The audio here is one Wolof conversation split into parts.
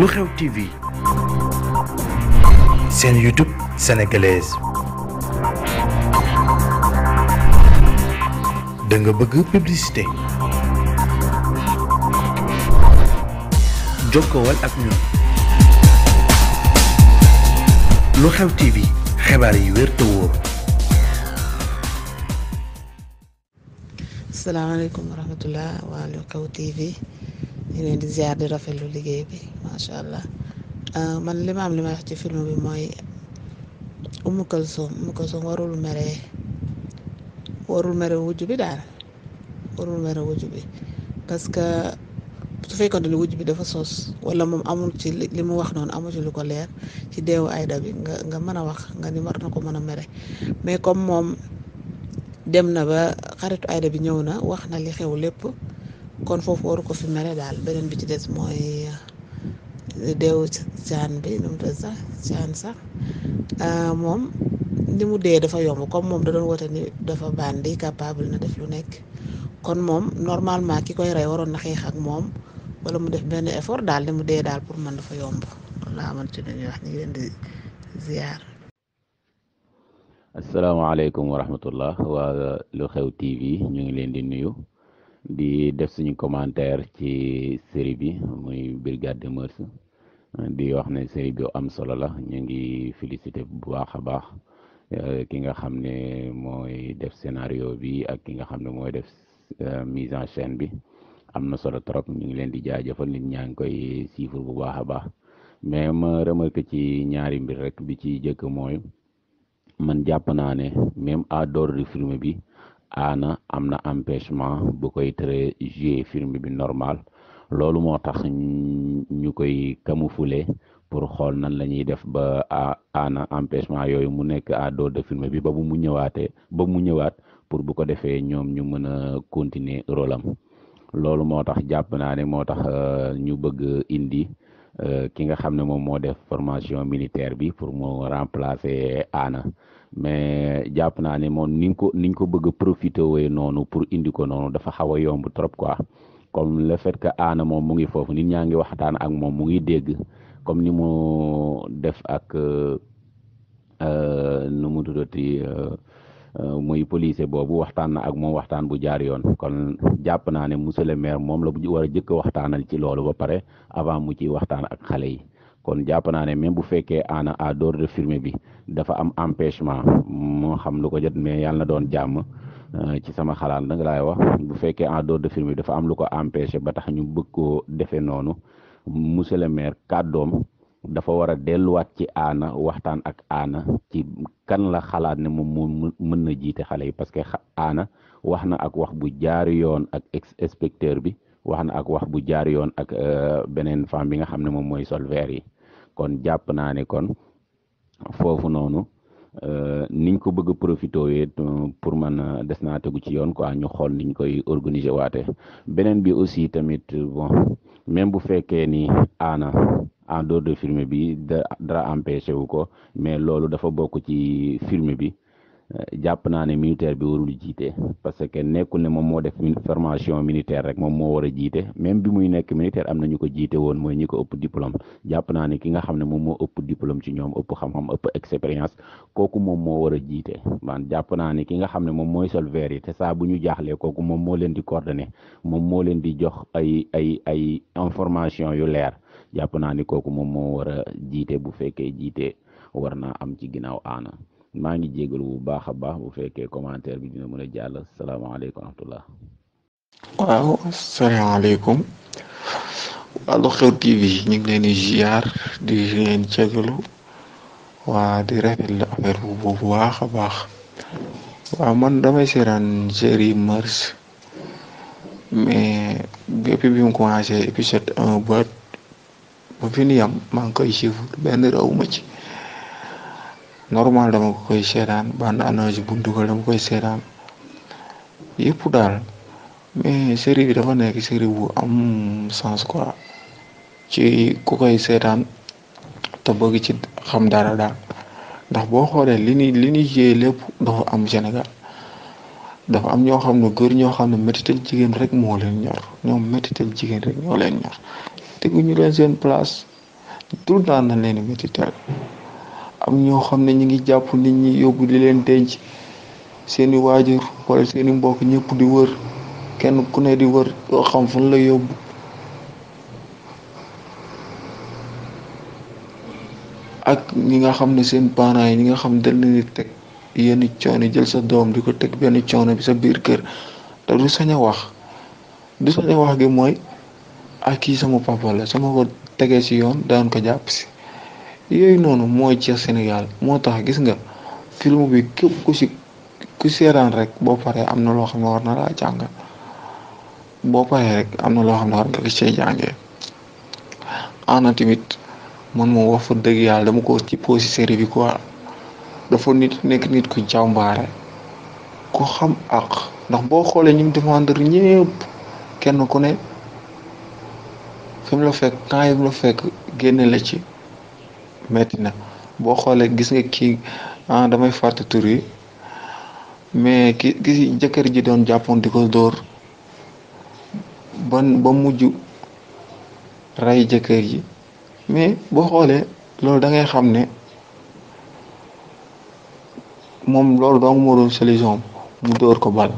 lu xew TV seen YouTube sénégalaise da nga bëgg publicité jokkowal ak ñun lu xew TV xibaar yi wér te wóor. salaamaaleykum wa rahmatulah waa lu TV. ñu leen di rafetlu liggéey macha allah euh, man li ma am li may wax ci film bi mooy Umu Kalsum Umu Kalsum warul mere warul mere wujj bi daal warul mere wujj bi parce que su fekkoon ni wujj bi dafa soos wala moom amul ci li mu wax noonu amul ci lu ko leer ci deewu Ayda bi nga mën a wax nga ni war na ko mën a mere mais comme moom dem na ba xaritu Ayda bi ñëw na wax na li xew lépp. kon foofu waru ko fi mere daal beneen bi ci des mooy euh, deew caan bi nu mu tudd sax caan sax euh, moom ni mu dee dafa yomb comme moom da doon woote ni dafa bandi capable na def lu nekk kon moom normalement ki koy rey waroon na xeex ak moom wala mu def benn effort daal ni mu dee daal pour man dafa yomb loolu laa ci li ñuy wax ñu ngi leen wa rahmatullah waa Lu Xew TV ñu ngi leen di nuyu. di def suñu commentaire ci seri bi muy brigade des mœurs di wax ne série bi am solo la ñu ngi félicité bu baax a baax euh, ki nga xam ne mooy def scénario bi ak ki nga xam ne mooy def euh, mise en scène bi am na solo trop ñu ngi leen di jaajëfal nit ñaa ngi koy siifur bu baax a baax mais ma remarque ci ñaari mbir rek bi ci jëkk mooy man jàpp naa ne même à dehors du bi. aana am na empêchement bu koy tere jouer film bi normal loolu moo tax ñu koy kamu fule pour xool nan la ñuy def ba aana empêchement yooyu mu nekk à dos de film bi ba bu mu ñëwaatee ba mu ñëwaat pour bu ko defee ñoom ñu mën a continuer rôle am loolu moo tax jàpp naa ne moo tax euh, ñu bëgg indi euh, ki nga xam ne moom moo def formation militaire bi pour mu remplacer aana mais jàpp naa ne moom ni ko niñ ko bëgg a profité wooye noonu pour indi ko noonu dafa xaw a yomb trop quoi comme le fait que aana moom mu ngi foofu nin ñaa ngi waxtaan ak moom mu ngi dégg comme ni mu def ak euh, euh, nu mu tuddati euh, muy policier boobu waxtaan na ak moom waxtaan bu jaar yoon kon jàpp naa ne monsieur le maire moom la war a jëkk a waxtaanal ci loolu ba pare avant mu ciy waxtaan ak xale yi kon jàpp naa ne même bu fekkee ana à de firme bi dafa am empêchement moo xam lu ko jot mais yàlla na doon jàmm euh, ci sama xalaat nag laay wax bu fekkee en dehors de firme bi dafa am lu ko empêché ba tax ñu bëgg koo defee noonu monsieur le maire kàddoom dafa war a delluwaat ci aana waxtaan ak aana ci kan la xalaat ne moom mën na jiite xale yi parce que aana wax na ak wax bu jaar yoon ak ex inspecteur bi wax na ak wax bu jaar yoon ak euh, beneen femme bi nga xam ne moom mooy solvère yi kon jàpp naa ne kon foofu noonu euh, niñ ko bëgg a profité euh, pour man euh, des naa tegu ci yoon quoi ñu xool niñ koy organiser waate beneen bi aussi tamit bon même bu fekkee ni aana en dehors de film bi dara empêché wu ko mais loolu dafa bokk ci film bi jàpp naa ne militaire bi warul jiite parce que nekkul ne moom moo def formation militaire rek moom moo war a jiite même bi muy nekk militaire am na ñu ko jiite woon mooy ñi ko ëpp diplôme jàpp naa ne ki nga xam ne moom moo ëpp diplôme ci ñoom ëpp xam-xam ëpp expérience kooku moom moo war a jiite man jàpp naa ne ki nga xam ne moom mooy sol vert te saa bu ñu jaaxlee kooku moom moo leen di coordonné moom moo leen di jox ay ay ay information yu leer jàpp naa ne kooku moom moo war a jiite bu fekkee jiite war naa am ci ginnaaw aana maa ngi jégalu bu baax a baax bu fekkee commentaire bi dina mën a jàll salaamaaleykum wa rahmatullah waaw asalaamaaleykum waa Lu Xew TV ñu ngi leen di ziar di leen jégalu waa di rafetlu bu baax a baax waaw man damay seeraan série mars mais depuis bi fi ñu yam maa ngi koy suivre benn raw ma normal dama koy seetaan bande annonce bu mu dugal koy seetaan yëpp daal mais série bi dafa nekk série bu am sens quoi ci ku koy seetaan te bëgg ci xam dara daal ndax boo xoolee li ni li ni jiyee lépp dafa am Sénégal dafa am ñoo xam ne góor ñoo xam ne métital jigéen rek moo leen ñor ñoom métital jigéen rek ñoo leen ñor teguñu leen seen place tout le temps nañ leen métital am ñoo xam ne ñu ngi jàpp nit ñi yóbbu di leen denc seeni waajur walla seeni mbokk ñépp di wër kenn ku ne di wër yoo xam fan la yóbbu ak ñi nga xam ne seen parents yi ñi nga xam ne dañ leen teg yenn coono jël sa doom di ko teg benn coono bi sa biir kër te du sañ a wax du sañ wax gi mooy ak kii sama papa la sama ko tegee ci yoon daan ko jàpp si yooyu noonu mooy ci Sénégal moo tax gis nga film bi képp ku si ku seeraan rek boo paree am na loo xam ne war na laa jàngal boo paree rek am na loo xam ne war nga cee jàngee ana tamit man moom wax fa dëgg yàlla dama ko ci posi série bi quoi dafa nit nekk nit ku jàmbaare ku xam ak ndax boo xoolee ñu ngi défendre ñëpp kenn ku ne fi mu la fekk temps yi mu fekk génne la ci metti na boo xoolee gis nga kii ah damay fàtte tur mais ki ki jëkkër ji doon jàppoon di ko ba mujj ray jëkkër ji mais boo xoolee loolu da ngay xam ne moom loolu doon moo doon solution mu dóor ko bal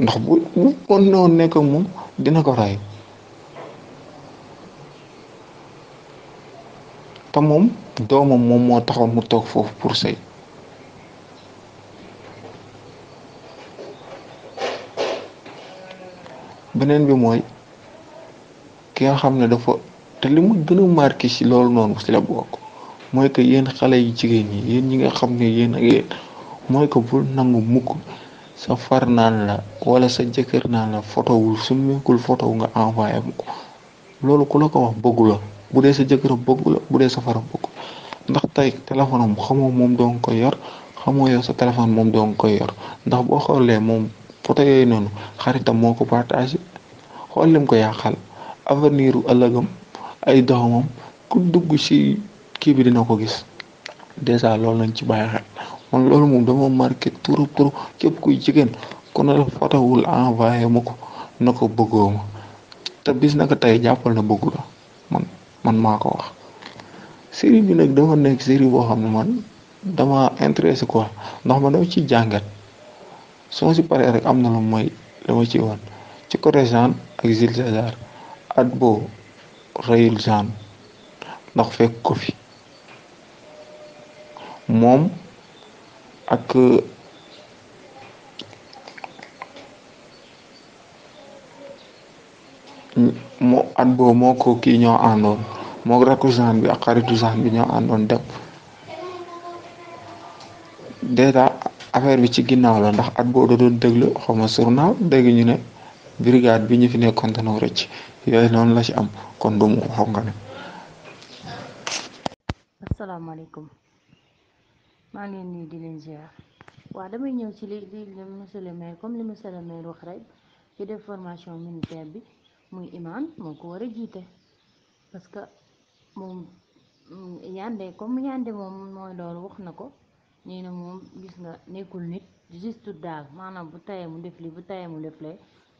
ndax bu bu kon noonu nekk moom dina ko ray te moom doomam moom moo taxoon mu toog foofu pour sëy beneen bi mooy ki nga xam ne dafa te li mu gën a ci loolu noonu ci la bokk mooy que yéen xale yi jigéen ñi yéen ñi nga xam ne yéen ak yéen mooy que bul nangu mukk sa far naan la wala sa jëkkër naan la fotowul su meekul fotow nga envoyé ko loolu ku la ko wax bëggu bu dee sa jëkkër bëggu la bu dee safara faram ndax tey téléphone am xamoo moom doo koy yor xamoo yow sa téléphone moom doo koy yor ndax boo xoolee moom photo yooyu noonu xaritam moo ko partage xool lim ko yàqal avenir u ëllëgam ay doomam ku dugg ci kii bi dina ko gis dèjà loolu nañ ci bàyyi xel man loolu moom dama marqué trop trop képp kuy jigéen ku ne la fotowul envoyé ma ko na ko bëggoo te bis naka tey jàppal na bëggula man maa wax série bi nag dama nekk série boo xam ne man dama intéressé quoi ndax ma dama ci jàngat soo si paree rek am na lu mooy la ma ci woon ci côté Jeanne ak Jules César at boo reyul Jeanne ndax fekk ko fi moom ak moo at boo moo ko kii ñoo àndoon moo rakku Jean bi ak xaritu bi ñoo àndoon dem déjà affaire bi ci ginnaaw la ndax at boo doon déglu xaw ma journal dégg ñu ne brigade bi ñu fi nekkoon dañoo rëcc yooyu noonu la ci am kon du mu xam nga ne. asalaamaaleykum maa ngi leen di leen ziar damay ñëw ci li li comme li monsieur le maire wax rek ci def formation militaire bi muy imaam moo ko war a jiite parce que moom mm, yande comme yande moom mooy loolu wax na ko nee na moom gis nga nekkul nit juste daal maanaam bu tayee mu def li bu tayee mu def lee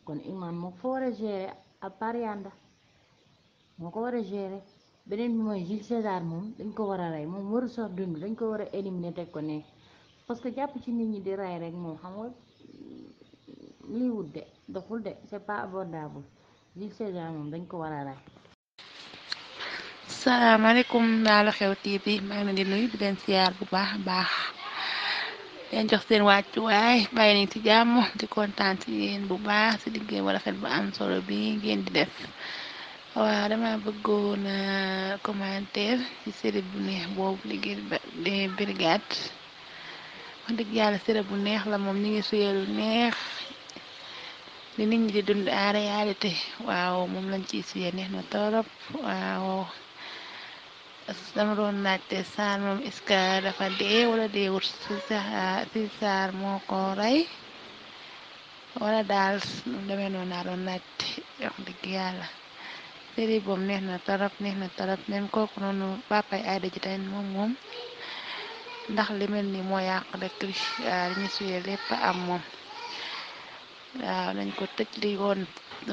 kon iman moo ko war a gérer à part moo ko war a gérer beneen bi mooy Jules César moom dañ ko war a rey moom waru sax dund dañ ko war a éliminer teg ko ne parce que jàpp ci nit ñi di rey rek moom xam nga mm, lii de doxul de c'est pas abordable Jules César moom dañ ko war a rey asalaamaaleykum Dalu Xew TV maa ngi leen di nuyu di leen siyaar bu baax baax leen jox seen wàccuwaay bàyyi nañ ci jàmm di kontaan ci yéen bu baax ci liggéey bu rafet bu am solo bi ngeen di def waaw dama bëggoon a euh, commentaire ci bu neex la moom ñu ngi suyee di dund waaw moom lañ ci suyee neex na torop waaw. dama doon laajte saar moom est-ce que dafa dee wala deewut si saar moo ko rey wala daal nu demee noonu laa doon laajte wax dëgg yàlla série neex na torop neex na torop même kooku noonu papay Aida ji tamit moom moom ndax li mel ni moo yàq rek li ñu suyee lépp am moom waaw nañ ko tëj li woon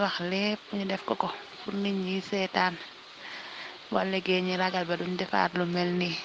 wax lépp ñu def ko ko pour nit ñi seetaan wala léegi ñi ragal ba duñ defaat lu mel nii.